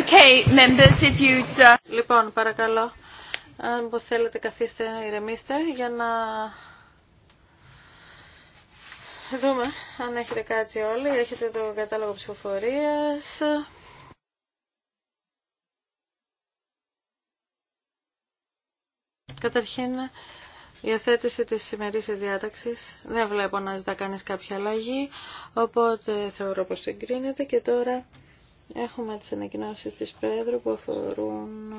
Okay, members, if uh, Λοιπόν, παρακαλώ, αν θέλετε καθίστε να ηρεμήστε για να δούμε αν έχετε κάτι όλοι. Έχετε το κατάλογο ψηφοφορίας. Καταρχήν, η αθέτηση της σημερινής διάταξης δεν βλέπω να ζητά κανείς κάποια αλλαγή, οπότε θεωρώ πως συγκρίνεται και τώρα Έχουμε τις ανακοινώσεις της Πρόεδρου που αφορούν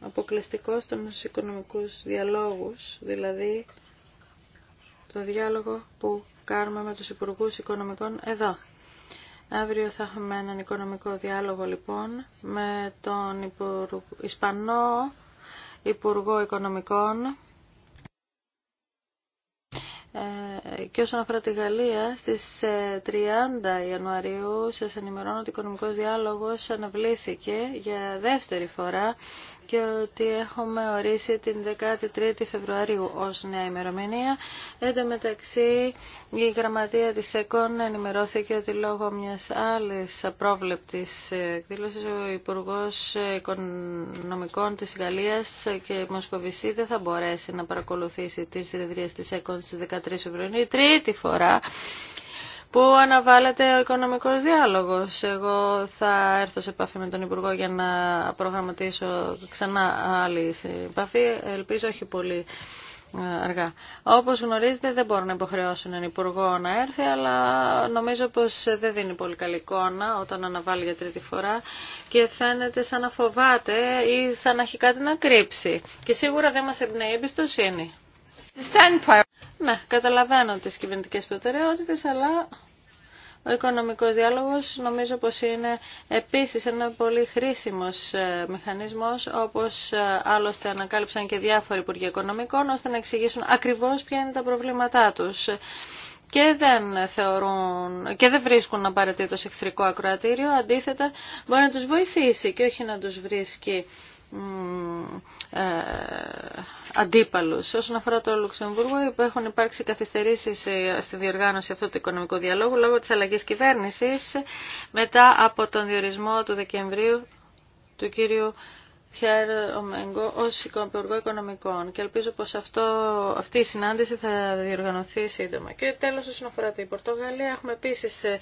αποκλειστικό στους οικονομικούς διαλόγους, δηλαδή το διάλογο που κάνουμε με τους Υπουργούς Οικονομικών εδώ. Αύριο θα έχουμε έναν οικονομικό διάλογο λοιπόν με τον Ισπανό Υπουργό Οικονομικών ε, και όσον αφορά τη Γαλλία, στις 30 ε, Ιανουαρίου σας ενημερώνω ότι ο οικονομικός διάλογος αναβλήθηκε για δεύτερη φορά και ότι έχουμε ορίσει την 13η Φεβρουαρίου ως νέα ημερομηνία. Εν τω μεταξύ η γραμματεία της ΕΚΟΝ ενημερώθηκε ότι λόγω μιας άλλης απρόβλεπτης εκδήλωσης ο Υπουργός Οικονομικών της Γαλλίας και Μοσκοβισή δεν θα μπορέσει να παρακολουθήσει τις συνεδρίες της ΕΚΟΝ στις 13 Φεβρουαρίου. Η τρίτη φορά που αναβάλλεται ο οικονομικός διάλογος. Εγώ θα έρθω σε επαφή με τον Υπουργό για να προγραμματίσω ξανά άλλη επαφή. Ελπίζω όχι πολύ ε, αργά. Όπως γνωρίζετε δεν μπορώ να υποχρεώσω έναν Υπουργό να έρθει, αλλά νομίζω πως δεν δίνει πολύ καλή εικόνα όταν αναβάλει για τρίτη φορά και φαίνεται σαν να φοβάται ή σαν να έχει κάτι να κρύψει. Και σίγουρα δεν μας εμπνέει εμπιστοσύνη. Ναι, καταλαβαίνω τις κυβερνητικές προτεραιότητες, αλλά ο οικονομικός διάλογος νομίζω πως είναι επίσης ένα πολύ χρήσιμος ε, μηχανισμός, όπως ε, άλλωστε ανακάλυψαν και διάφοροι Υπουργοί Οικονομικών, ώστε να εξηγήσουν ακριβώς ποια είναι τα προβλήματά τους και δεν, θεωρούν, και δεν βρίσκουν απαραίτητο εχθρικό ακροατήριο, αντίθετα μπορεί να τους βοηθήσει και όχι να τους βρίσκει ε, αντίπαλους. Όσον αφορά το Λουξεμβούργο έχουν υπάρξει καθυστερήσεις ε, στη διοργάνωση αυτού του οικονομικού διαλόγου λόγω της αλλαγής κυβέρνησης μετά από τον διορισμό του Δεκεμβρίου του κύριου Πιέρ Ομέγκο ως Υπουργό Οικονομικών και ελπίζω πως αυτό, αυτή η συνάντηση θα διοργανωθεί σύντομα. Και τέλος όσον αφορά την Πορτογαλία έχουμε επίσης ε,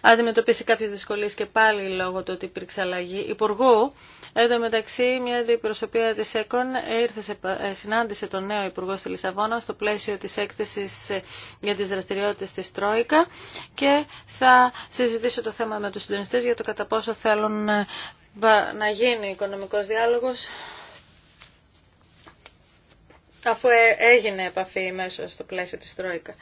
αντιμετωπίσει κάποιες δυσκολίες και πάλι λόγω του ότι υπήρξε αλλαγή υπουργού Εν τω μεταξύ, μια αντιπροσωπεία τη ΕΚΟΝ ε, συνάντησε τον νέο Υπουργό στη Λισαβόνα στο πλαίσιο της έκθεσης ε, για τις δραστηριότητες της Τρόικα και θα συζητήσω το θέμα με τους συντονιστέ για το κατά πόσο θέλουν ε, να γίνει οικονομικός διάλογος αφού έγινε επαφή μέσω στο πλαίσιο της Τρόικα.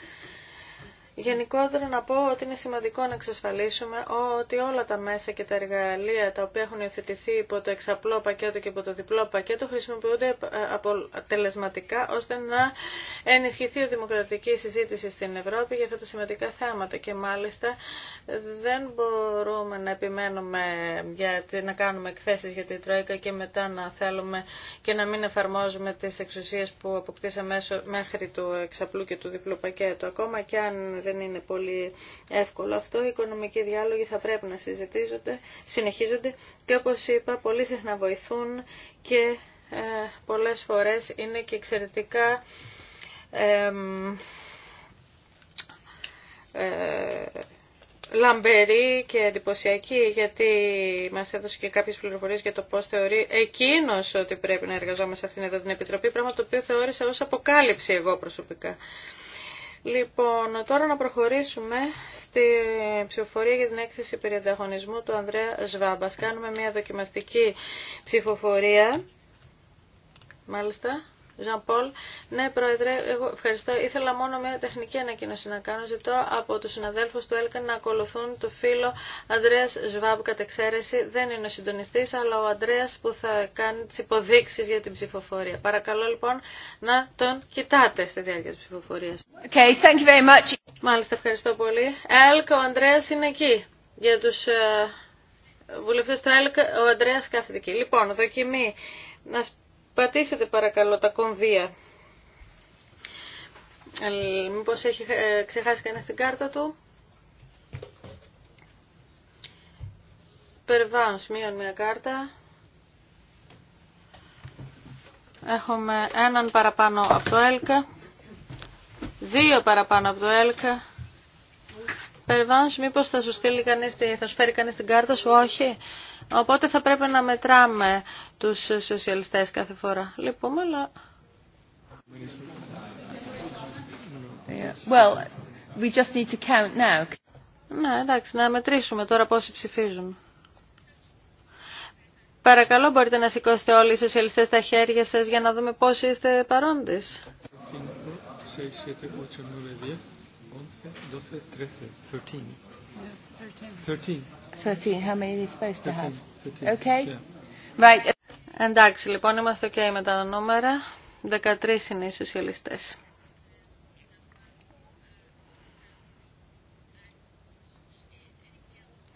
Γενικότερα να πω ότι είναι σημαντικό να εξασφαλίσουμε ότι όλα τα μέσα και τα εργαλεία τα οποία έχουν υιοθετηθεί υπό το εξαπλό πακέτο και υπό το διπλό πακέτο χρησιμοποιούνται ε, αποτελεσματικά ώστε να ενισχυθεί η δημοκρατική συζήτηση στην Ευρώπη για αυτά τα σημαντικά θέματα. Και μάλιστα δεν μπορούμε να επιμένουμε για να κάνουμε εκθέσεις για την Τρόικα και μετά να θέλουμε και να μην εφαρμόζουμε τις εξουσίες που αποκτήσαμε μέχρι του εξαπλού και του διπλού πακέτου. Ακόμα και αν δεν είναι πολύ εύκολο αυτό. Οι οικονομικοί διάλογοι θα πρέπει να συζητίζονται, συνεχίζονται και όπως είπα πολύ συχνά βοηθούν και ε, πολλές φορές είναι και εξαιρετικά ε, λαμπερή και εντυπωσιακή γιατί μας έδωσε και κάποιες πληροφορίες για το πώς θεωρεί εκείνος ότι πρέπει να εργαζόμαστε σε αυτήν εδώ την Επιτροπή, πράγμα το οποίο θεώρησα ως αποκάλυψη εγώ προσωπικά. Λοιπόν, τώρα να προχωρήσουμε στη ψηφοφορία για την έκθεση περί ανταγωνισμού του Ανδρέα Σβάμπας. Κάνουμε μια δοκιμαστική ψηφοφορία. Μάλιστα. Ζαν Πολ. Ναι, Πρόεδρε, εγώ ευχαριστώ. Ήθελα μόνο μια τεχνική ανακοίνωση να κάνω. Ζητώ από του συναδέλφου του ΕΛΚΑ να ακολουθούν το φίλο Αντρέα Σβάμπ κατ' εξαίρεση. Δεν είναι ο συντονιστή, αλλά ο Αντρέα που θα κάνει τι υποδείξει για την ψηφοφορία. Παρακαλώ λοιπόν να τον κοιτάτε στη διάρκεια τη ψηφοφορία. Okay, Μάλιστα, ευχαριστώ πολύ. ΕΛΚ, ο Αντρέα είναι εκεί για του ε, βουλευτές του ΕΛΚ, ο Αντρέα κάθεται εκεί. Λοιπόν, δοκιμή. Να Πατήσετε παρακαλώ τα κομβία. Μήπω μήπως έχει ε, ξεχάσει κανένα την κάρτα του. Περβάνς, μείον μια κάρτα. Έχουμε έναν παραπάνω από το ΕΛΚΑ. Δύο παραπάνω από το ΕΛΚΑ. Περβάνω, μήπως θα σου στείλει κανείς, θα σου φέρει κανείς την κάρτα σου, όχι. Οπότε θα πρέπει να μετράμε τους σοσιαλιστές κάθε φορά. Λυπούμε, αλλά... Well, we just need to count now. Ναι, εντάξει, να μετρήσουμε τώρα πόσοι ψηφίζουν. Παρακαλώ, μπορείτε να σηκώσετε όλοι οι σοσιαλιστές τα χέρια σας για να δούμε πόσοι είστε παρόντες. 5, 6, 7, 8, 9, 10, 11, 12, 13, 13. 13. 13. How many supposed to have? Okay. Εντάξει, λοιπόν, είμαστε ok με τα νούμερα. 13 είναι οι σοσιαλιστές.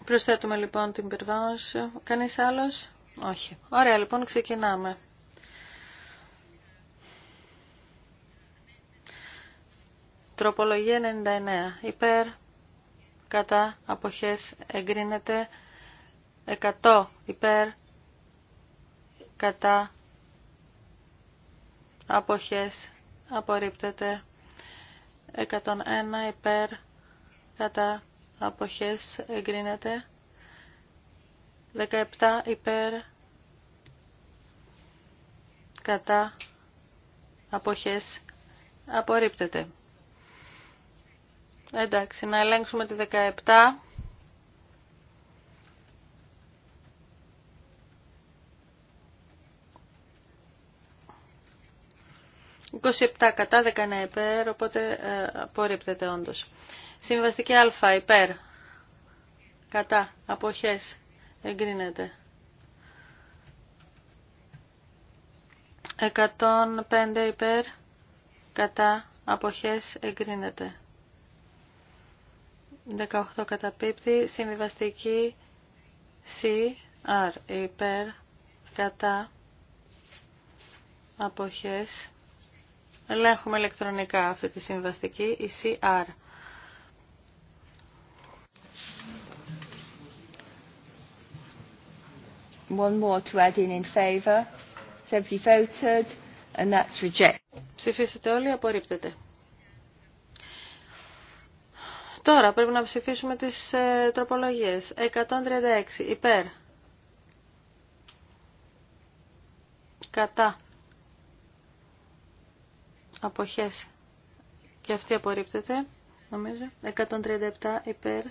Προσθέτουμε λοιπόν την περβάνωση. Κανείς άλλος? Όχι. Ωραία, λοιπόν, ξεκινάμε. Τροπολογία 99. Υπέρ, κατά αποχές εγκρίνεται 100 υπέρ κατά αποχές απορρίπτεται 101 υπέρ κατά αποχές εγκρίνεται 17 υπέρ κατά αποχές απορρίπτεται Εντάξει, να ελέγξουμε τη 17. «27 κατά 19 υπέρ, οπότε ε, απορρίπτεται όντως. Συμβαστική α υπέρ, κατά, αποχές, εγκρίνεται. 105 υπέρ, κατά, αποχές, εγκρίνεται. 18 καταπίπτει. Συμβιβαστική R, υπέρ κατά αποχές. Ελέγχουμε ηλεκτρονικά αυτή τη συμβιβαστική, η R. One more to add in in favor. voted and that's rejected. Ψηφίσετε όλοι, απορρίπτεται. Τώρα πρέπει να ψηφίσουμε τις ε, τροπολογίες. 136 υπέρ. Κατά. Αποχές. Και αυτή απορρίπτεται, νομίζω. 137 υπέρ.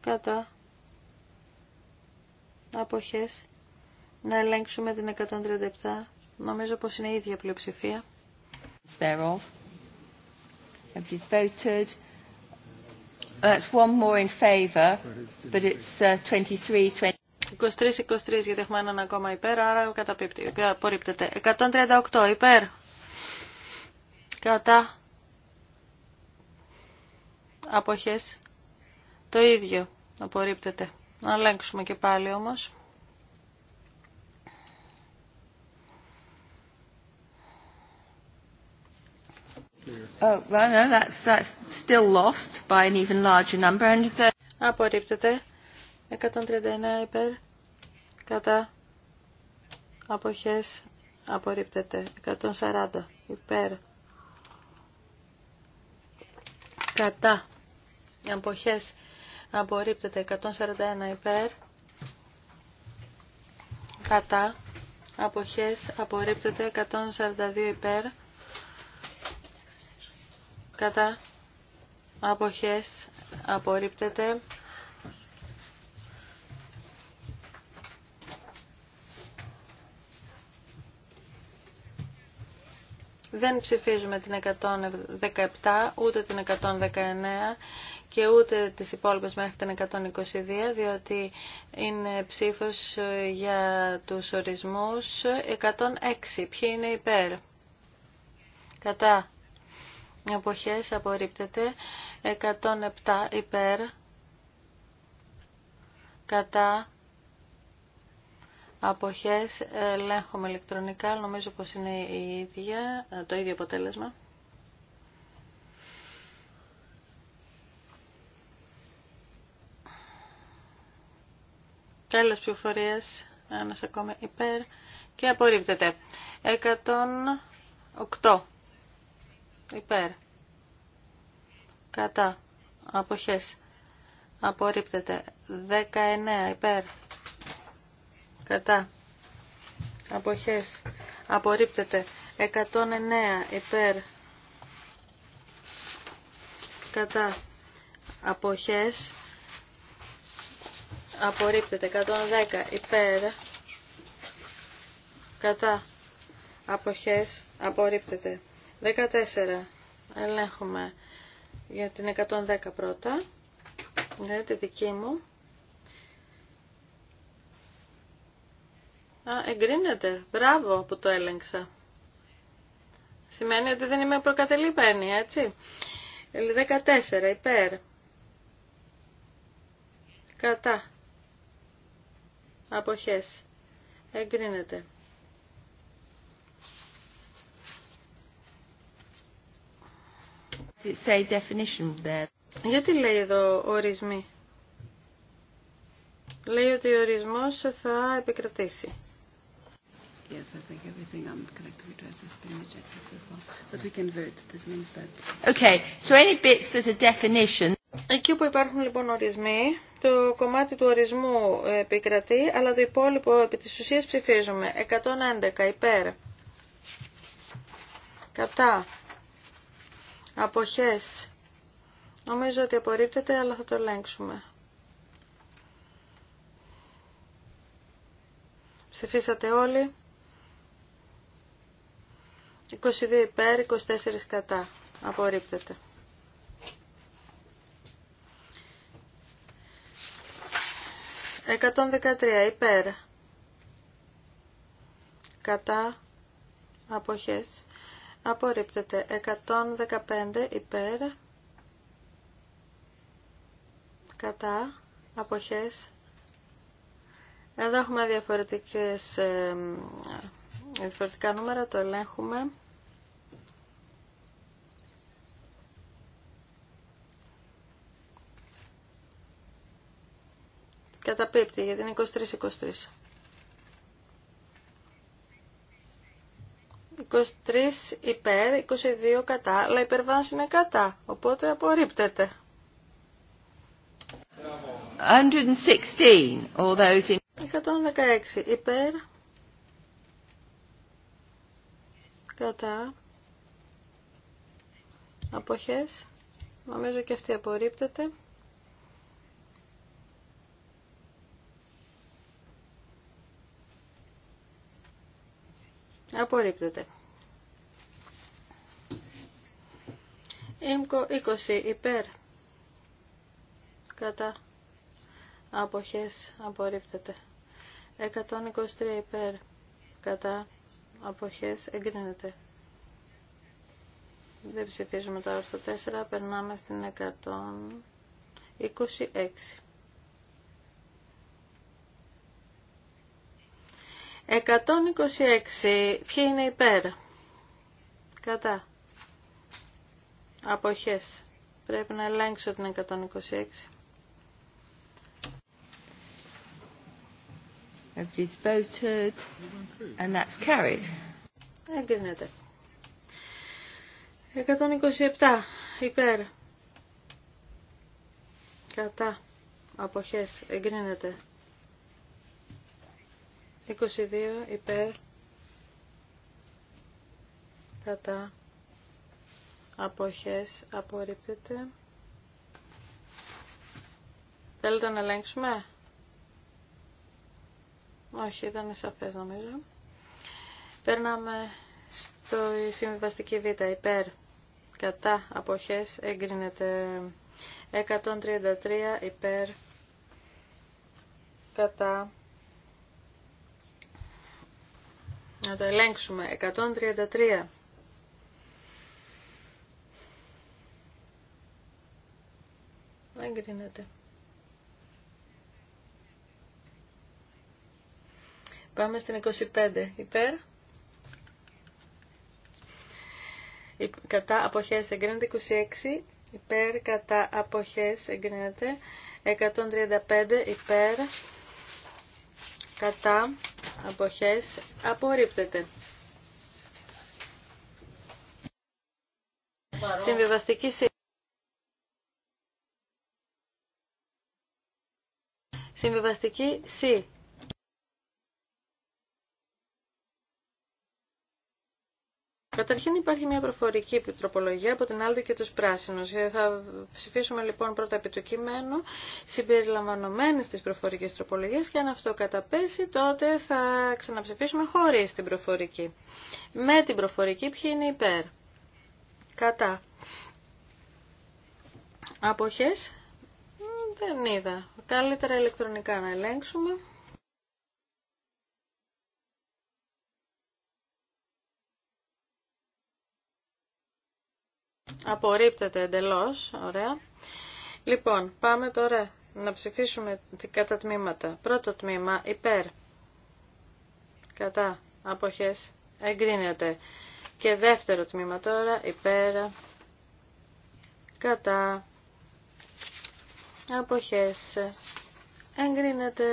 Κατά. Αποχές. Να ελέγξουμε την 137. Νομίζω πως είναι η ίδια πλειοψηφία. Thereof. Nobody's voted. That's one more in favour, but it's 23, uh, 23 γιατί έχουμε έναν ακόμα υπέρ, άρα απορρίπτεται. 138 υπέρ. Κατά. Αποχές. Το ίδιο απορρίπτεται. Να ελέγξουμε και πάλι όμως. Oh, that's, that's Απορρίπτεται. 139 υπέρ. Κατά. Αποχές. Απορρίπτεται. 140 υπέρ. Κατά. Αποχές. Απορρίπτεται. 141 υπέρ. Κατά. Αποχές. Απορρίπτεται. 142 υπέρ κατά αποχές απορρίπτεται. Δεν ψηφίζουμε την 117, ούτε την 119 και ούτε τις υπόλοιπες μέχρι την 122, διότι είναι ψήφος για τους ορισμούς 106. Ποιοι είναι υπέρ. Κατά εποχές απορρίπτεται 107 υπέρ κατά αποχές ελέγχουμε ηλεκτρονικά νομίζω πως είναι η ίδια, το ίδιο αποτέλεσμα τέλος πληροφορίας ένας ακόμα υπέρ και απορρίπτεται 108 υπέρ, κατά, αποχές, απορρίπτεται, 19 υπέρ, κατά, αποχές, απορρίπτεται, 109 υπέρ, κατά, αποχές, απορρίπτεται, 110 υπέρ, κατά, αποχές, απορρίπτεται. 14. Ελέγχουμε για την 110 πρώτα. Ναι, τη δική μου. Α, εγκρίνεται. Μπράβο που το έλεγξα. Σημαίνει ότι δεν είμαι προκατελημένη, έτσι. 14. Υπέρ. Κατά. Αποχές. Εγκρίνεται. say definition there. Γιατί λέει εδώ ορισμοί. Λέει ότι ο ορισμός θα επικρατήσει. Yes, I think everything on collective redress has been rejected so far. But we can vote. This means that... Okay, so any bits that are definition... Εκεί που υπάρχουν λοιπόν ορισμοί, το κομμάτι του ορισμού επικρατεί, αλλά το υπόλοιπο επί της ουσίας ψηφίζουμε. 111 υπέρ. Κατά. Αποχές. Νομίζω ότι απορρίπτεται, αλλά θα το ελέγξουμε. Ψηφίσατε όλοι. 22 υπέρ, 24 κατά. Απορρίπτεται. 113 υπέρ. Κατά. Αποχές απορρίπτεται 115 υπέρ κατά αποχές εδώ έχουμε διαφορετικές, διαφορετικά νούμερα, το ελέγχουμε. Καταπίπτει γιατί είναι 23-23. 23 υπέρ, 22 κατά, αλλά η υπερβάση είναι κατά, οπότε απορρίπτεται. 116, all those in... υπέρ, κατά, αποχές, νομίζω και αυτή απορρίπτεται. απορρίπτεται. Ήμκο 20 υπέρ κατά αποχές απορρίπτεται. 123 υπέρ κατά αποχές εγκρίνεται. Δεν ψηφίζουμε τώρα στο 4, περνάμε στην 126. 126. Ποιοι είναι υπέρ. Κατά. Αποχές. Πρέπει να ελέγξω την 126. Everybody's voted and that's carried. Εγκρίνεται. 127 υπέρ. Κατά. Αποχές. Εγκρίνεται. 22 υπέρ. Κατά αποχές απορρίπτεται. Θέλετε να ελέγξουμε. Όχι, ήταν σαφέ νομίζω. Περνάμε στο συμβιβαστική β, υπέρ, κατά, αποχές, εγκρίνεται 133 υπέρ, κατά, να το ελέγξουμε, 133 Εγκρίνεται. Πάμε στην 25. Υπέρ. Κατά αποχές εγκρίνεται 26. Υπέρ κατά αποχές εγκρίνεται 135. Υπέρ κατά αποχές απορρίπτεται. Συμβιβαστική Συμβιβαστική C. Καταρχήν υπάρχει μια προφορική τροπολογία από την Άλτη και τους πράσινους. Ε, θα ψηφίσουμε λοιπόν πρώτα επί του κειμένου συμπεριλαμβανομένης της προφορικής τροπολογίας και αν αυτό καταπέσει τότε θα ξαναψηφίσουμε χωρίς την προφορική. Με την προφορική ποιοι είναι υπέρ. Κατά. Αποχές δεν είδα. Καλύτερα ηλεκτρονικά να ελέγξουμε. Απορρίπτεται εντελώς. Ωραία. Λοιπόν, πάμε τώρα να ψηφίσουμε κατά τμήματα. Πρώτο τμήμα, υπέρ. Κατά. Αποχές. Εγκρίνεται. Και δεύτερο τμήμα τώρα, υπέρ. Κατά αποχές εγκρίνεται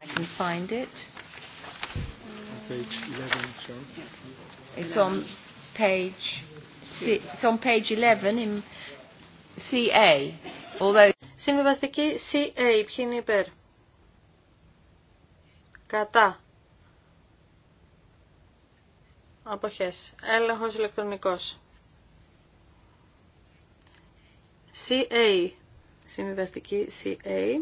I can find it it's on page it's on page 11 in CA although Συμβιβαστική CA, ποιοι είναι υπέρ. Κατά. Αποχές. Έλεγχος ηλεκτρονικός. CA. Συμβιβαστική CA.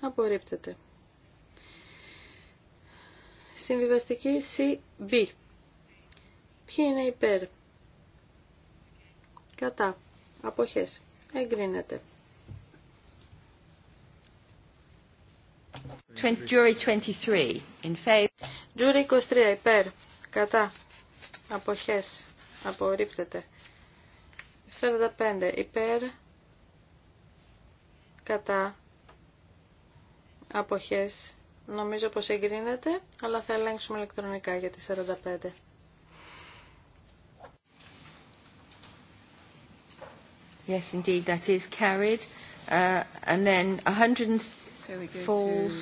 Απορρίπτεται. Συμβιβαστική CB. Ποιοι είναι υπέρ. Κατά. Αποχές. Εγκρίνεται. Jury 23. In favor. Jury 23. Υπέρ. Κατά. Αποχές. Απορρίπτεται. 45. Υπέρ. Κατά. Αποχές. Νομίζω πως εγκρίνεται, αλλά θα ελέγξουμε ηλεκτρονικά για τη 45. Yes, indeed, that is carried. Uh, and then 100 so falls.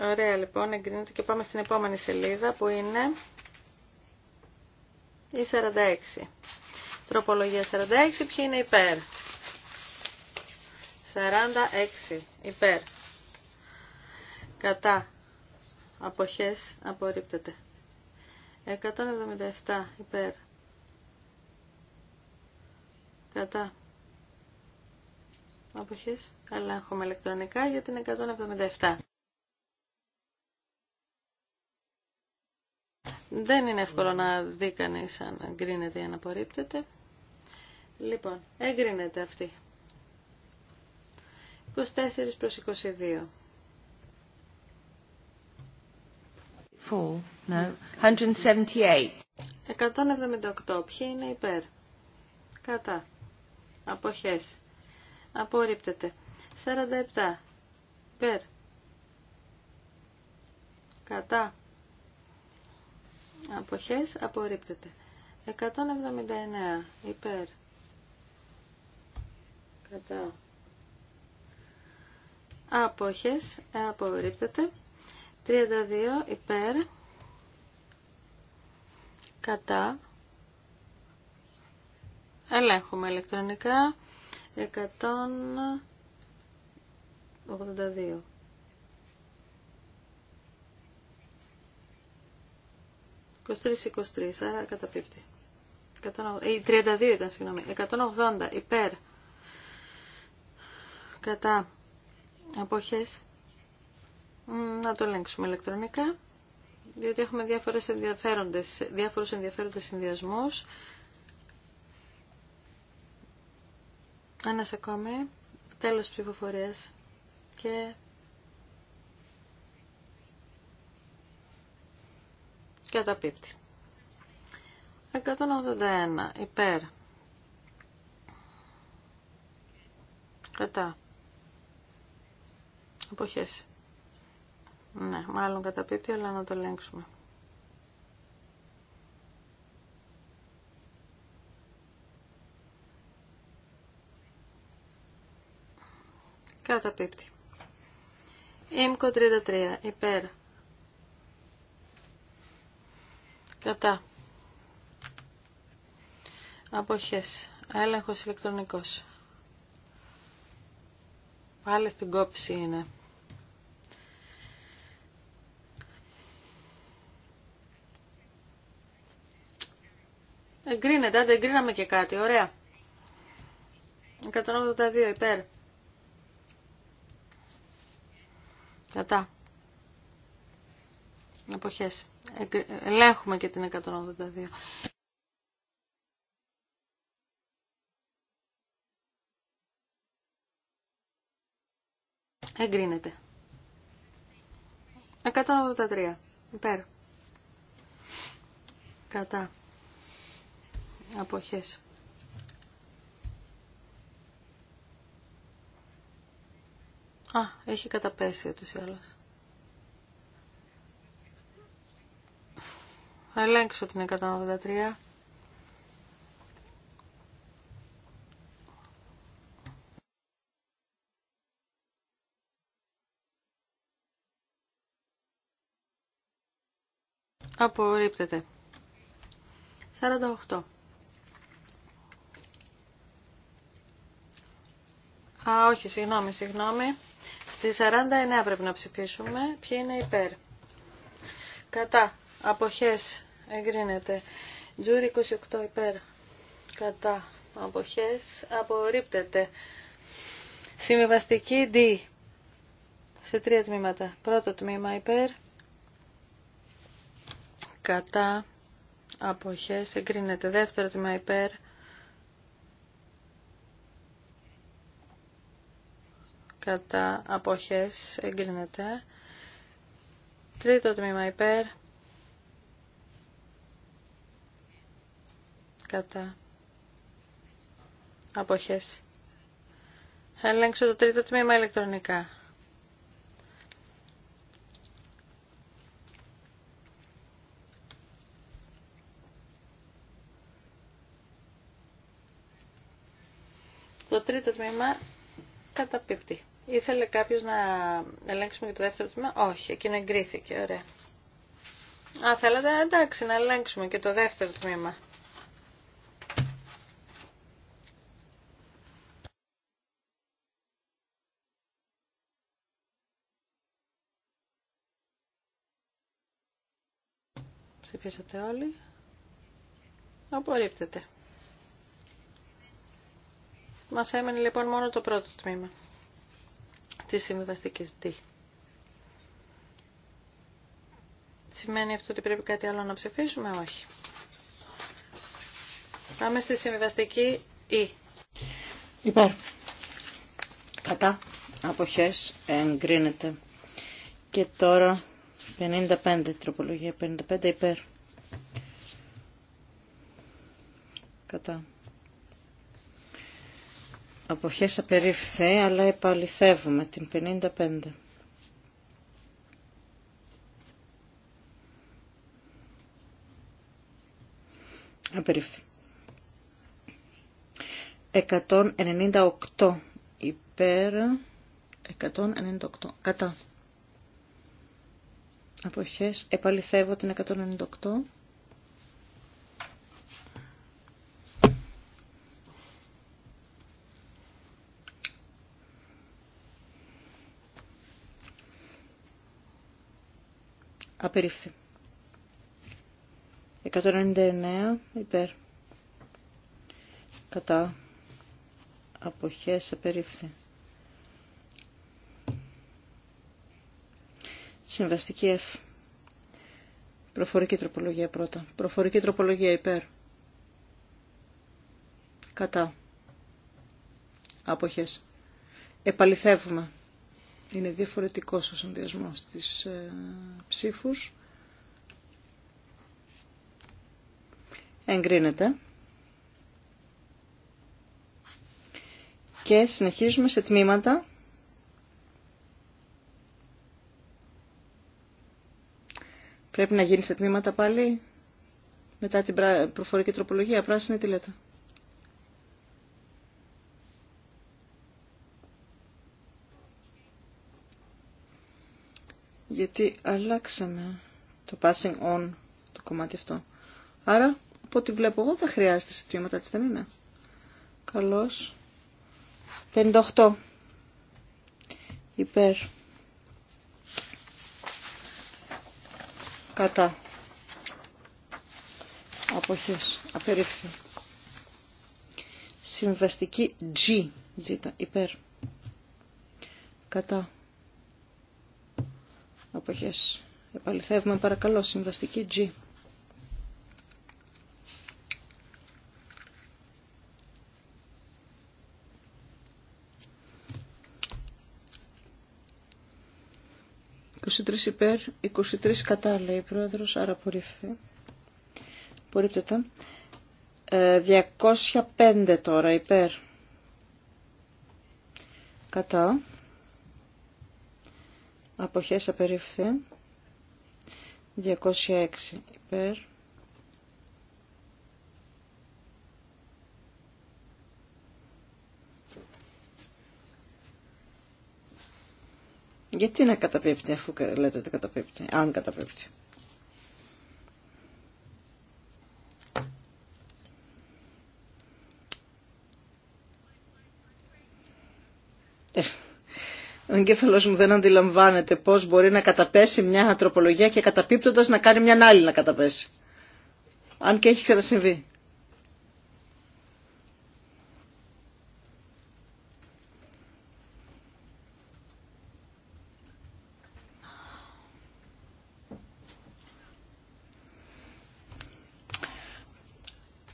Ωραία λοιπόν, εγκρίνεται και πάμε στην επόμενη σελίδα που είναι η 46. Τροπολογία 46, ποιοι είναι υπέρ. 46, υπέρ. Κατά. Αποχές, απορρίπτεται. 177, υπέρ. Κατά. Αποχές, έχουμε ηλεκτρονικά για την 177. Δεν είναι εύκολο να δει κανεί αν εγκρίνεται ή αν απορρίπτεται. Λοιπόν, εγκρίνεται αυτή. 24 προς 22. 4, No. 178. 178. Ποιοι είναι υπέρ. Κατά. Αποχές. Απορρίπτεται. 47. Υπέρ. Κατά. Αποχές απορρίπτεται. 179 υπέρ. Κατά. Απόχες απορρίπτεται. 32 υπέρ. Κατά. Ελέγχουμε ηλεκτρονικά. 182. 23-23, άρα καταπίπτει. 32 ε, ήταν, συγγνώμη. 180 υπέρ. Κατά αποχές. Να το ελέγξουμε ηλεκτρονικά. Διότι έχουμε διάφορες ενδιαφέροντες, διάφορους ενδιαφέροντες συνδυασμούς. Ένας ακόμη. Τέλος ψηφοφορίας. Και καταπίπτει. 181 υπέρ. Κατά. Αποχές. Ναι, μάλλον καταπίπτει, αλλά να το ελέγξουμε. Καταπίπτει. Ήμκο 33 υπέρ. Κατά. Αποχές. Έλεγχος ηλεκτρονικός. Πάλι στην κόψη είναι. Εγκρίνεται, δεν εγκρίναμε και κάτι, ωραία. 182 υπέρ. Κατά. Εποχές. Ε, ελέγχουμε και την 182. Εγκρίνεται. 183. Υπέρ. Κατά. Αποχές. Α, έχει καταπέσει ούτως ή άλλως. Θα ελέγξω την 183. Απορρίπτεται. 48. Α, όχι, συγγνώμη, συγγνώμη. Στη 49 πρέπει να ψηφίσουμε. Ποιοι είναι υπέρ. Κατά. Αποχές εγκρίνεται. Τζούρι 28 υπέρ κατά αποχές απορρίπτεται. Συμβιβαστική D σε τρία τμήματα. Πρώτο τμήμα υπέρ κατά αποχές εγκρίνεται. Δεύτερο τμήμα υπέρ κατά αποχές εγκρίνεται. Τρίτο τμήμα υπέρ κατά αποχές. Θα ελέγξω το τρίτο τμήμα ηλεκτρονικά. Το τρίτο τμήμα καταπίπτει. Ήθελε κάποιος να ελέγξουμε και το δεύτερο τμήμα. Όχι, εκείνο εγκρίθηκε. Ωραία. Α, θέλατε εντάξει να ελέγξουμε και το δεύτερο τμήμα. ψηφίσατε όλοι. Απορρίπτεται. Μας έμενε λοιπόν μόνο το πρώτο τμήμα της συμβιβαστικής D. Σημαίνει αυτό ότι πρέπει κάτι άλλο να ψηφίσουμε, όχι. Πάμε στη συμβιβαστική E. Υπέρ. Κατά. Αποχές εγκρίνεται. Και τώρα 55, τροπολογία 55 υπέρ. κατά. Αποχές απερίφθει αλλά επαληθεύουμε την 55. Απερίφθη. 198 υπέρ 198 κατά. Αποχές επαληθεύω την 198. Απερίφθη. 199 υπέρ. Κατά. Αποχές απερίφθη. Συμβαστική F. Προφορική τροπολογία πρώτα. Προφορική τροπολογία υπέρ. Κατά. Άποχες. Επαληθεύουμε είναι διαφορετικός ο συνδυασμός της ε, ψήφους. Εγκρίνεται. Και συνεχίζουμε σε τμήματα. Πρέπει να γίνει σε τμήματα πάλι μετά την προφορική τροπολογία. Πράσινη τι λέτε. γιατί αλλάξαμε το passing on το κομμάτι αυτό. Άρα, από ό,τι βλέπω εγώ, θα χρειάζεται σε έτσι δεν είναι. Καλώς. 58. Υπέρ. Κατά. Αποχές. Απερίφθη. Συμβαστική G. Ζήτα. Υπέρ. Κατά αποχές επαληθεύουμε παρακαλώ συμβαστική G «23 υπέρ, 23 κατά» λέει η πρόεδρος, άρα απορρίφθη. Απορρίπτεται. 205 ε, τώρα υπέρ. Κατά αποχές απερίφθη 206 υπέρ Γιατί να καταπίπτει αφού λέτε ότι καταπίπτει, αν καταπίπτει. Ε, ο εγκέφαλος μου δεν αντιλαμβάνεται πώς μπορεί να καταπέσει μια ανθρωπολογία και καταπίπτοντας να κάνει μια άλλη να καταπέσει. Αν και έχει ξανασυμβεί.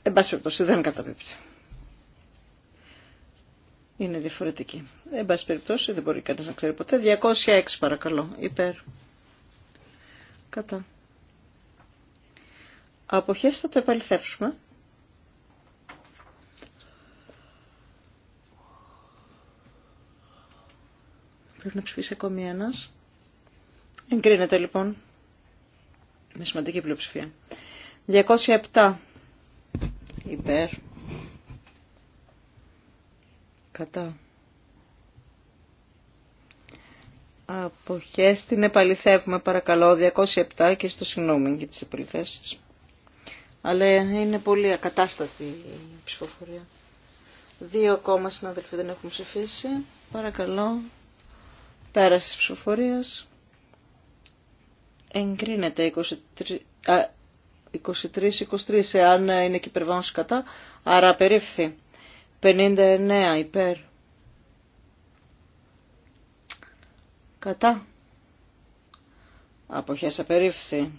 Εν πάση περιπτώσει δεν καταπίπτει είναι διαφορετική. Εν πάση περιπτώσει δεν μπορεί κανείς να ξέρει ποτέ. 206 παρακαλώ. Υπέρ. Κατά. Αποχές θα το επαληθεύσουμε. Πρέπει να ψηφίσει ακόμη ένας. Εγκρίνεται λοιπόν. Με σημαντική πλειοψηφία. 207 υπέρ. Κατά. Αποχές την επαληθεύουμε παρακαλώ 207 και στο συγγνώμη για τις επαληθεύσεις. Αλλά είναι πολύ ακατάστατη η ψηφοφορία. Δύο ακόμα συναδελφοί δεν έχουν ψηφίσει. Παρακαλώ. Πέραση της ψηφοφορίας. Εγκρίνεται 23-23 εάν είναι και κατά. Άρα απερίφθη. 59 υπέρ. Κατά. Αποχές απερίφθη.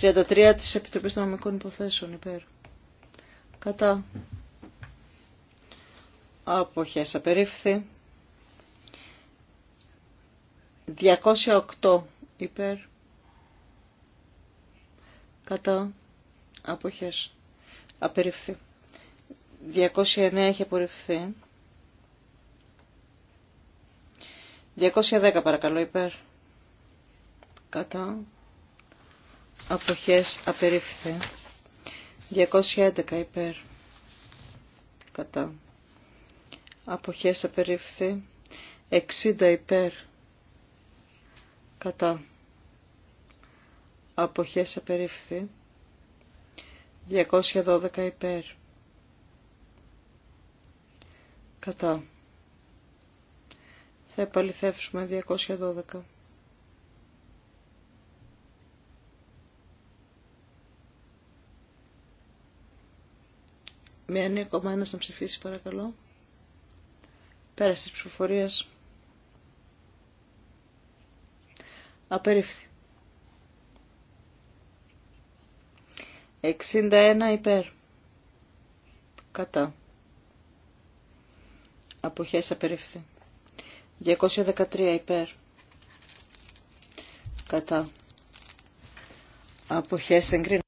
33 της Επιτροπής Νομικών Υποθέσεων υπέρ. Κατά. Αποχές απερίφθη. 208 υπέρ. Κατά. Αποχές απερίφθη. 209 έχει απορριφθεί. 210 παρακαλώ υπέρ. Κατά. Αποχές απερίφθη. 211 υπέρ. Κατά. Αποχές απερίφθη. 60 υπέρ. Κατά. Αποχές απερίφθη. 212 υπέρ. Κατά. Θα επαληθεύσουμε 212. Μια νέα ακόμα ένας να ψηφίσει παρακαλώ. Πέρασε της ψηφοφορίας. Απερίφθη. 61 υπέρ. Κατά αποχές απερίφθη. 213 υπέρ κατά αποχές εγκρίνεται.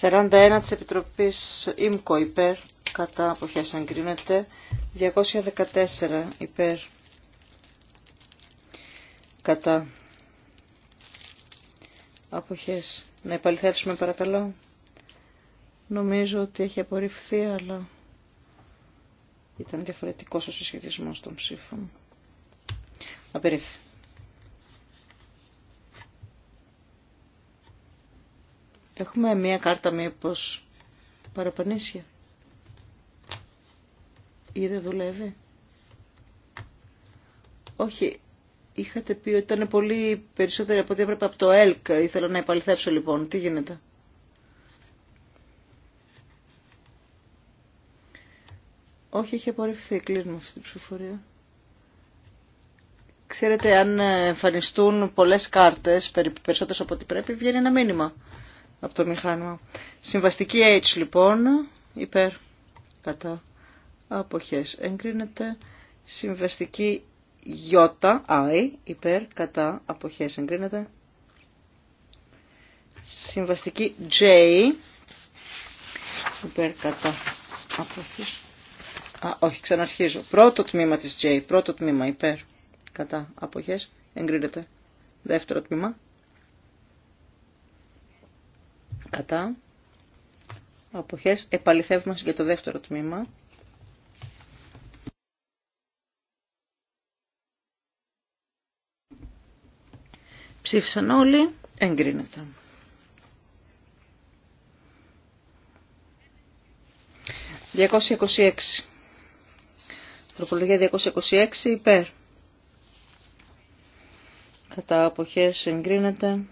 41 της Επιτροπής ΙΜΚΟ υπέρ κατά αποχές εγκρίνεται. 214 υπέρ κατά αποχές. Να επαληθεύσουμε παρακαλώ. Νομίζω ότι έχει απορριφθεί αλλά... Ήταν διαφορετικός ο συσχετισμός των ψήφων. Απερίφθη. Έχουμε μία κάρτα μήπως παραπανήσια. Ή δεν δουλεύει. Όχι, είχατε πει ότι ήταν πολύ περισσότερο από ό,τι έπρεπε από το ΕΛΚ. Ήθελα να επαληθεύσω λοιπόν. Τι γίνεται. Όχι, έχει απορριφθεί. Κλείνουμε αυτή την ψηφοφορία. Ξέρετε, αν εμφανιστούν πολλές κάρτες, περισσότερες από ό,τι πρέπει, βγαίνει ένα μήνυμα από το μηχάνημα. Συμβαστική H, λοιπόν, υπέρ, κατά, αποχές. Εγκρίνεται συμβαστική Y, I, υπέρ, κατά, αποχές. Εγκρίνεται συμβαστική J, υπέρ, κατά, αποχές Α, όχι, ξαναρχίζω. Πρώτο τμήμα της J, πρώτο τμήμα υπέρ, κατά, αποχές, εγκρίνεται. Δεύτερο τμήμα, κατά, αποχές, επαληθεύουμε για το δεύτερο τμήμα. Ψήφισαν όλοι, εγκρίνεται. 226. Τροπολογία 226 υπέρ. Κατά αποχές εγκρίνεται.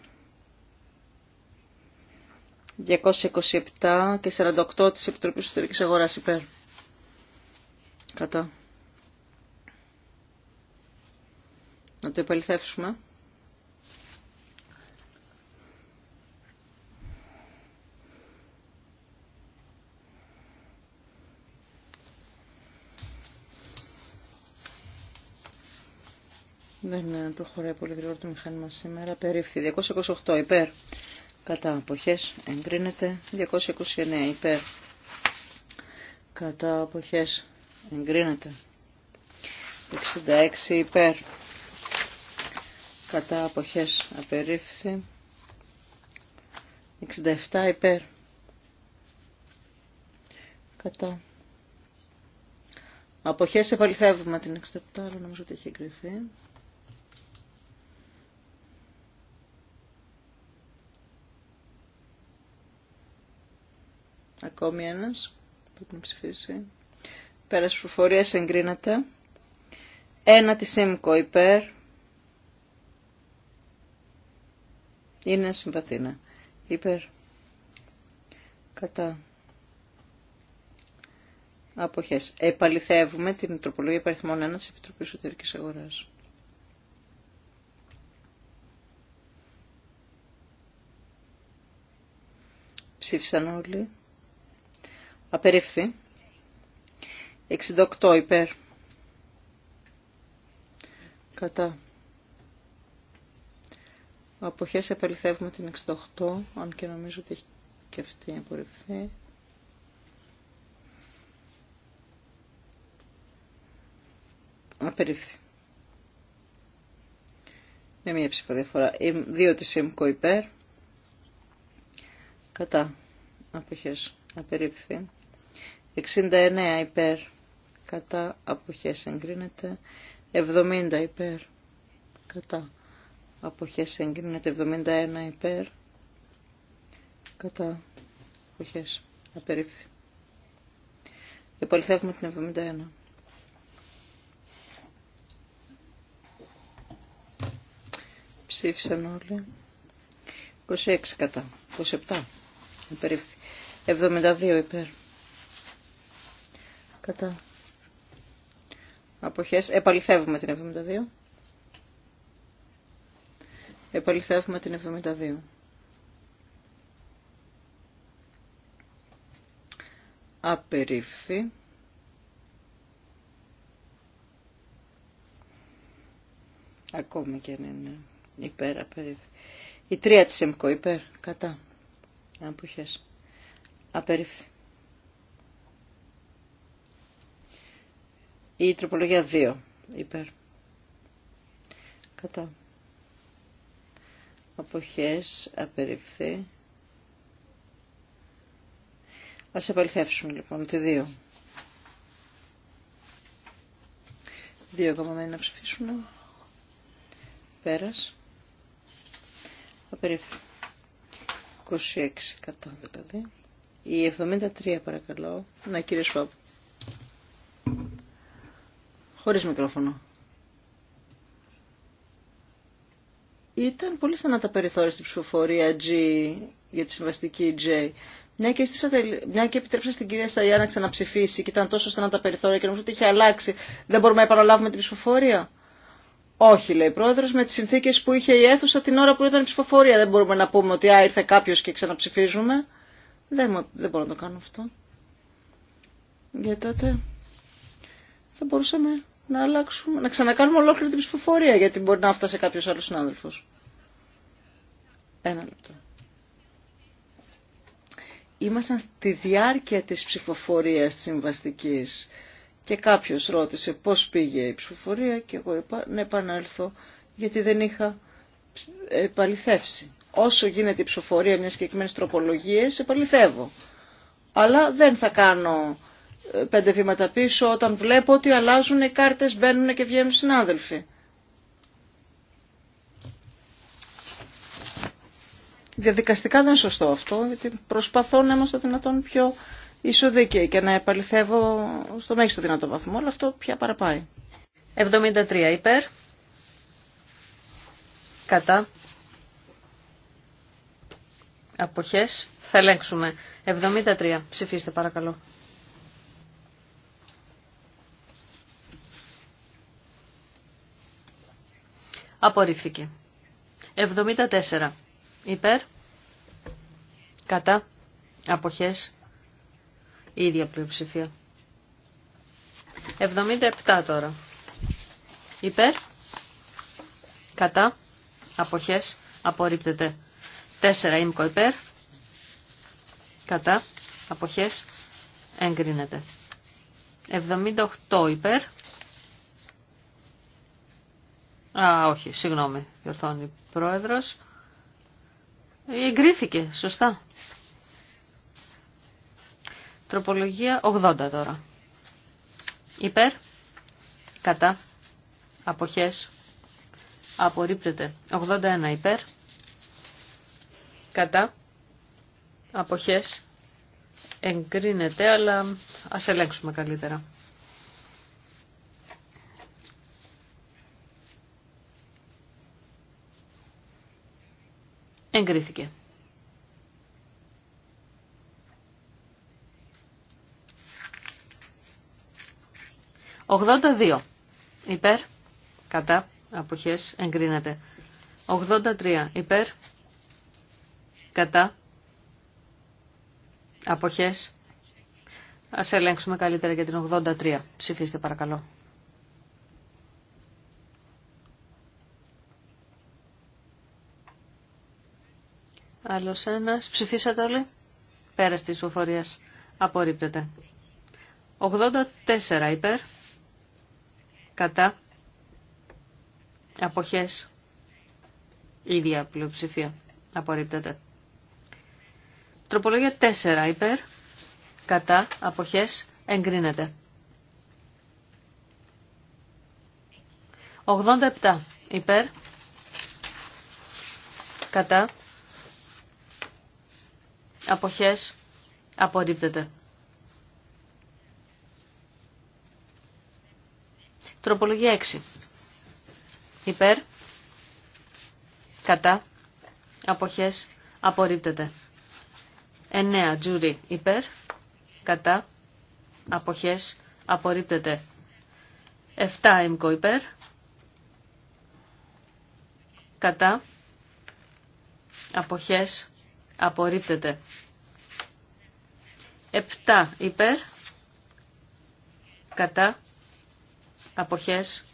227 και 48 της Επιτροπής Ιστορικής Αγοράς υπέρ. Κατά. Να το επαληθεύσουμε. Δεν ε, προχωράει πολύ γρήγορα το μηχάνημα σήμερα. Περίφθη. 228 υπέρ. Κατά αποχές εγκρίνεται. 229 υπέρ. Κατά αποχές εγκρίνεται. 66 υπέρ. Κατά αποχές απερίφθη. 67 υπέρ. Κατά. Αποχές επαληθεύουμε την 67, αλλά νομίζω ότι έχει εγκριθεί. Ακόμη ένας. που έχουν ψηφίσει. Πέρας προφορίας εγκρίνεται. Ένα τη ΣΥΜΚΟ υπέρ. Είναι συμπαθήνα. Υπέρ. Κατά. Αποχές. Επαληθεύουμε την τροπολογία παριθμών 1 της Επιτροπής Εσωτερικής Αγοράς. Ψήφισαν όλοι. Απερίφθη. 68 υπέρ. Κατά. Αποχές επελθεύουμε την 68, αν και νομίζω ότι έχει και αυτή απορριφθεί. Απερίφθη. Με μία ψηφοδιαφορά. Δύο της ΕΜΚΟ υπέρ. Κατά. Αποχές. Απερίφθη. 69 υπέρ κατά αποχές εγκρίνεται 70 υπέρ κατά αποχές εγκρίνεται 71 υπέρ κατά αποχές απερίφθη επολυθεύουμε την 71 ψήφισαν όλοι 26 κατά 27 απερίφθη 72 υπέρ Κατά. Αποχές. Επαληθεύουμε την 72. Επαληθεύουμε την 72. Απερίφθη. Ακόμη και αν είναι υπέρ, απερίφθη. Η τρία της ΕΜΚΟ υπέρ, κατά. Αποχές. Απερίφθη. Η τροπολογία 2 υπέρ. Κατά. Αποχές Απερίφθη. Ας επαληθεύσουμε λοιπόν τη 2. Δύο ακόμα μένει να ψηφίσουν. Πέρας. Απερίφθη. 26 κατά δηλαδή. Η 73 παρακαλώ. Να κύριε Σφάπ. Χωρίς μικρόφωνο. Ήταν πολύ στενά τα περιθώρια στην ψηφοφορία G για τη συμβαστική J. Μια και, μια και επιτρέψα στην κυρία Σαϊά να ξαναψηφίσει και ήταν τόσο στενά τα περιθώρια και νομίζω ότι είχε αλλάξει. Δεν μπορούμε να επαναλάβουμε την ψηφοφορία. Όχι, λέει η πρόεδρο, με τι συνθήκε που είχε η αίθουσα την ώρα που ήταν η ψηφοφορία. Δεν μπορούμε να πούμε ότι α, ήρθε κάποιο και ξαναψηφίζουμε. Δεν, δεν μπορώ να το κάνω αυτό. Για τότε θα μπορούσαμε να αλλάξουμε, να ξανακάνουμε ολόκληρη την ψηφοφορία, γιατί μπορεί να φτάσει κάποιος άλλος συνάδελφος. Ένα λεπτό. Ήμασταν στη διάρκεια της ψηφοφορίας της συμβαστικής και κάποιος ρώτησε πώς πήγε η ψηφοφορία και εγώ είπα να επανέλθω γιατί δεν είχα επαληθεύσει. Όσο γίνεται η ψηφοφορία μιας συγκεκριμένης τροπολογίας επαληθεύω. Αλλά δεν θα κάνω ε, πέντε βήματα πίσω όταν βλέπω ότι αλλάζουν οι κάρτες, μπαίνουν και βγαίνουν συνάδελφοι. Διαδικαστικά δεν είναι σωστό αυτό, γιατί προσπαθώ να είμαστε δυνατόν πιο ισοδίκαιοι και να επαληθεύω στο μέγιστο δυνατό βαθμό, αλλά αυτό πια παραπάει. 73 υπέρ. Κατά. Αποχές. Θα ελέγξουμε. 73. Ψηφίστε παρακαλώ. Απορρίφθηκε. 74. Υπέρ. Κατά. Αποχές. ίδια πλειοψηφία. 77 τώρα. Υπέρ. Κατά. Αποχές. Απορρίπτεται. 4 ήμκο υπέρ. Κατά. Αποχές. Εγκρίνεται. 78 υπέρ. Α, όχι, συγγνώμη, διορθώνει πρόεδρος. Εγκρίθηκε, σωστά. Τροπολογία 80 τώρα. Υπέρ, κατά, αποχές, απορρίπτεται. 81 υπέρ, κατά, αποχές, εγκρίνεται, αλλά ας ελέγξουμε καλύτερα. Εγκρίθηκε. 82 Υπέρ. Κατά. Αποχές. Εγκρίνεται. 83. Υπέρ. Κατά. Αποχές. Ας ελέγξουμε καλύτερα για την 83. Ψηφίστε παρακαλώ. Άλλο ένα Ψηφίσατε όλοι. Πέρα τη ψηφοφορία. Απορρίπτεται. 84 υπέρ. Κατά. Αποχές. Ίδια πλειοψηφία. Απορρίπτεται. Τροπολογία 4 υπέρ. Κατά. απόχέ Εγκρίνεται. 87 υπέρ. Κατά. Αποχές. Απορρίπτεται. Τροπολογία 6. Υπέρ. Κατά. Αποχές. Απορρίπτεται. 9. Τζούρι. Υπέρ. Κατά. Αποχές. Απορρίπτεται. 7. Εμκο. Υπέρ. Κατά. Αποχές. Απορρίπτεται. 7 υπέρ. Κατά. Αποχές.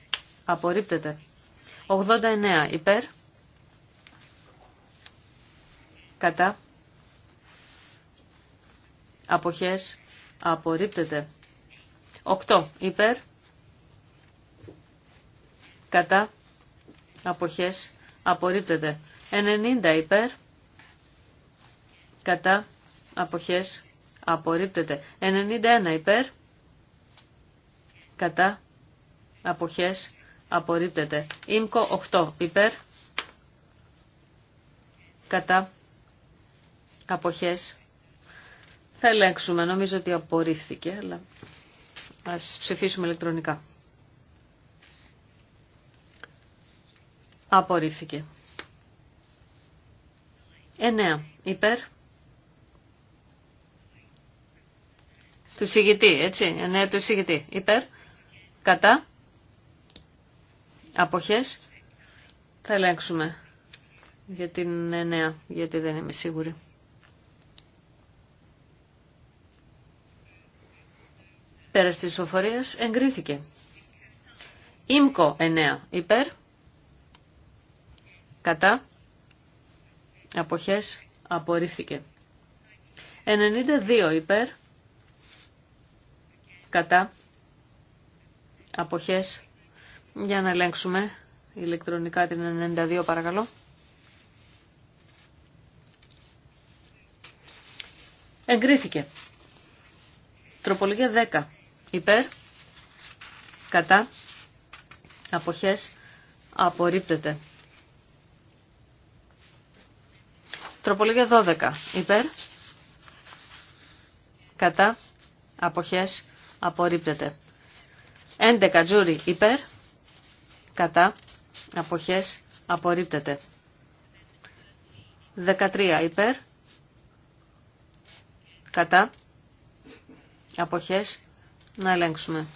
Απορρίπτεται. 89 υπέρ. Κατά. Αποχές. Απορρίπτεται. 8 υπέρ. Κατά. Αποχές. Απορρίπτεται. 90 υπέρ κατά αποχές απορρίπτεται. 91 υπέρ κατά αποχές απορρίπτεται. Ήμκο 8 υπέρ κατά αποχές θα ελέγξουμε. Νομίζω ότι απορρίφθηκε, αλλά ας ψηφίσουμε ηλεκτρονικά. Απορρίφθηκε. 9. Υπέρ. Του συγητή, έτσι. Ναι, του συγητή. Υπέρ. Κατά. Αποχές. Θα ελέγξουμε για την εννέα, γιατί δεν είμαι σίγουρη. Πέρα τη ψηφοφορία εγκρίθηκε. Ήμκο εννέα. υπέρ. Κατά. Αποχές απορρίφθηκε. 92 υπέρ κατά αποχές για να ελέγξουμε ηλεκτρονικά την 92 παρακαλώ. Εγκρίθηκε. Τροπολογία 10. Υπέρ, κατά, αποχές, απορρίπτεται. Τροπολογία 12. Υπέρ, κατά, αποχές, απορρίπτεται. 11 τζούρι υπέρ, κατά, αποχές, απορρίπτεται. 13 υπέρ, κατά, αποχές, να ελέγξουμε.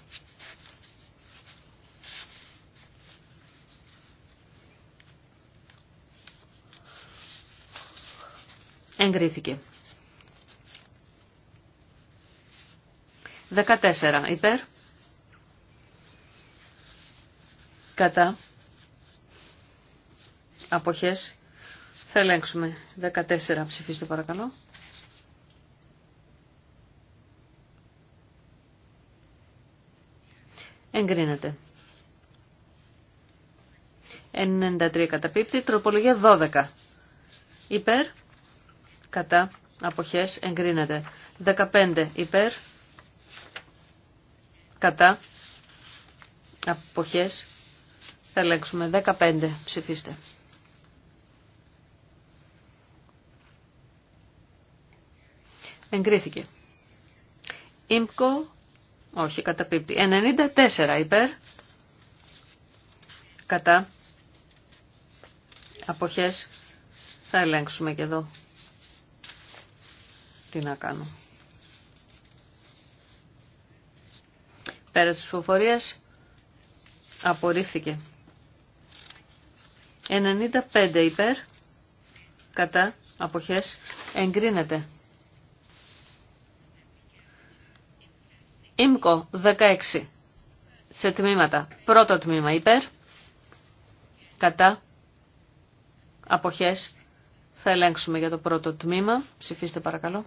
Εγκρίθηκε. 14 υπέρ. Κατά. Αποχές. Θα ελέγξουμε. 14 ψηφίστε παρακαλώ. Εγκρίνεται. 93 καταπίπτει. Τροπολογία 12. Υπέρ. Κατά. Αποχές. Εγκρίνεται. 15 υπέρ κατά, αποχές, θα ελέγξουμε 15, ψηφίστε. Εγκρίθηκε. Ίμπκο, όχι καταπίπτει, 94 υπέρ, κατά, αποχές, θα ελέγξουμε και εδώ. Τι να κάνω. Πέρα τη ψηφοφορίας απορρίφθηκε. 95 υπέρ κατά αποχές εγκρίνεται. Ήμκο 16 σε τμήματα. Πρώτο τμήμα υπέρ κατά αποχές θα ελέγξουμε για το πρώτο τμήμα. Ψηφίστε παρακαλώ.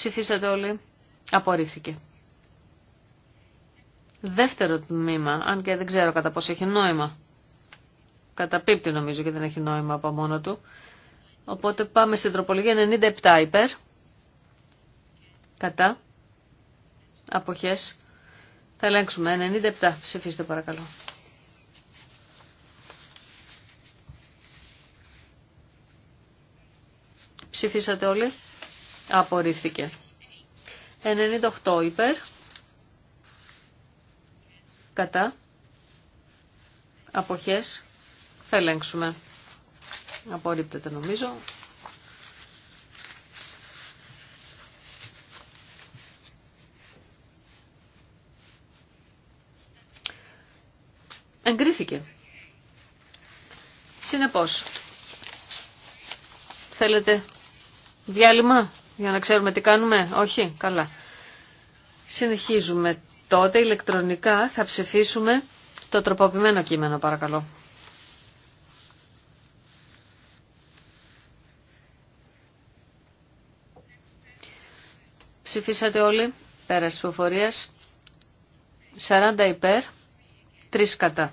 Ψηφίσατε όλοι. Απορρίφθηκε. Δεύτερο τμήμα, αν και δεν ξέρω κατά πόσο έχει νόημα. Καταπίπτει νομίζω και δεν έχει νόημα από μόνο του. Οπότε πάμε στην τροπολογία 97 υπέρ. Κατά. Αποχές. Θα ελέγξουμε. 97. Ψηφίστε παρακαλώ. Ψηφίσατε όλοι. Απορρίφθηκε. 98 υπέρ. Κατά. Αποχές. Θα ελέγξουμε. Απορρίπτεται νομίζω. Εγκρίθηκε. Συνεπώς. Θέλετε διάλειμμα. Για να ξέρουμε τι κάνουμε. Όχι. Καλά. Συνεχίζουμε. Τότε ηλεκτρονικά θα ψηφίσουμε το τροποποιημένο κείμενο παρακαλώ. Ψηφίσατε όλοι. Πέρας ψηφοφορίας. 40 υπέρ, 3 κατά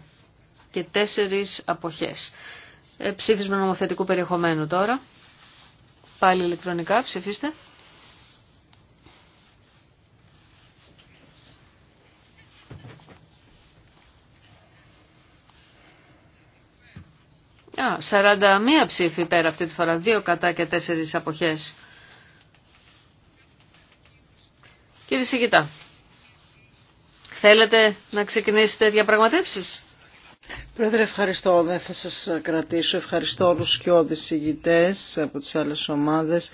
και 4 αποχές. Ε, ψήφισμα νομοθετικού περιεχομένου τώρα. Πάλι ηλεκτρονικά ψηφίστε. Α, μία ψήφοι πέρα αυτή τη φορά, δύο κατά και 4 αποχές. Κύριε Σιγητά, θέλετε να ξεκινήσετε διαπραγματεύσεις. Πρόεδρε, ευχαριστώ. Δεν θα σας κρατήσω. Ευχαριστώ όλους και ηγητές από τις άλλες ομάδες.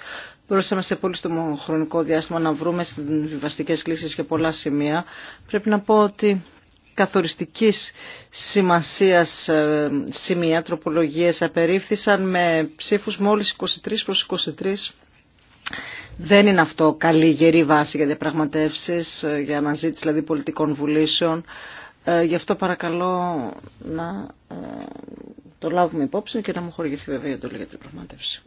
Μπορούσαμε σε πολύ στο χρονικό διάστημα να βρούμε συμβιβαστικές λύσεις και πολλά σημεία. Πρέπει να πω ότι καθοριστικής σημασίας ε, σημεία, τροπολογίες απερίφθησαν με ψήφους μόλις 23 προς 23. Δεν είναι αυτό καλή γερή βάση για διαπραγματεύσεις, ε, για αναζήτηση δηλαδή πολιτικών βουλήσεων. Ε, γι' αυτό παρακαλώ να ε, το λάβουμε υπόψη και να μου χορηγηθεί βέβαια η εντολή για την πραγματεύση.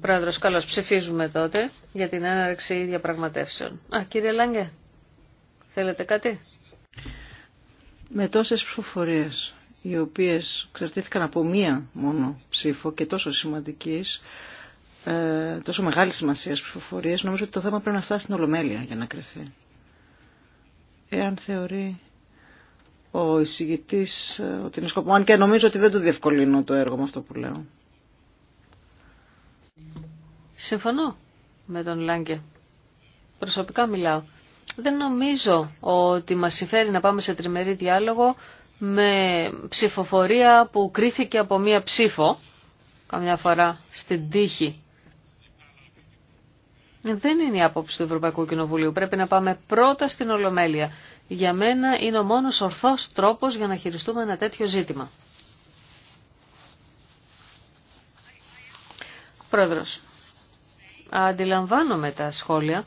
Πρόεδρο, ψηφίζουμε τότε για την έναρξη διαπραγματεύσεων. Α, κύριε Λάγκε, θέλετε κάτι? Με τόσες ψηφοφορίε οι οποίες εξαρτήθηκαν από μία μόνο ψήφο και τόσο σημαντικής, ε, τόσο μεγάλη σημασία ψηφοφορίες, νομίζω ότι το θέμα πρέπει να φτάσει στην Ολομέλεια για να κρυθεί εάν θεωρεί ο εισηγητής ε, ότι είναι σκοπό. Αν και νομίζω ότι δεν του διευκολύνω το έργο με αυτό που λέω. Συμφωνώ με τον Λάγκε. Προσωπικά μιλάω. Δεν νομίζω ότι μας συμφέρει να πάμε σε τριμερή διάλογο με ψηφοφορία που κρίθηκε από μία ψήφο, καμιά φορά στην τύχη δεν είναι η άποψη του Ευρωπαϊκού Κοινοβουλίου. Πρέπει να πάμε πρώτα στην Ολομέλεια. Για μένα είναι ο μόνος ορθός τρόπος για να χειριστούμε ένα τέτοιο ζήτημα. Πρόεδρος, αντιλαμβάνομαι τα σχόλια.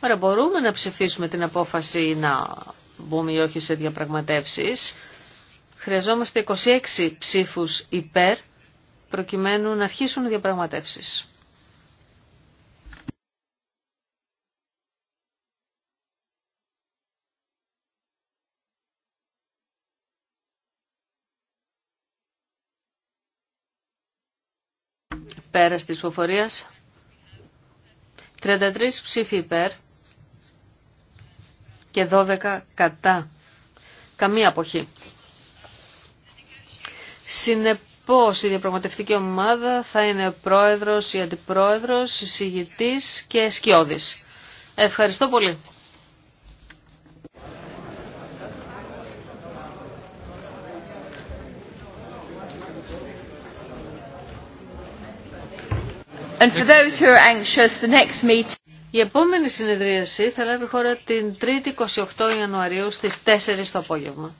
Άρα μπορούμε να ψηφίσουμε την απόφαση να μπούμε ή όχι σε διαπραγματεύσεις. Χρειαζόμαστε 26 ψήφους υπέρ προκειμένου να αρχίσουν οι διαπραγματεύσεις. Πέρας της ψηφοφορίας. 33 ψήφοι υπέρ και 12 κατά. Καμία αποχή. Συνεπώς η διαπραγματευτική ομάδα θα είναι πρόεδρος ή αντιπρόεδρος, εισηγητής και σκιώδης. Ευχαριστώ πολύ. And for those who are anxious, the next meeting... Η επόμενη συνεδρίαση θα λάβει χώρα την 3η 28 Ιανουαρίου στις 4 το απόγευμα.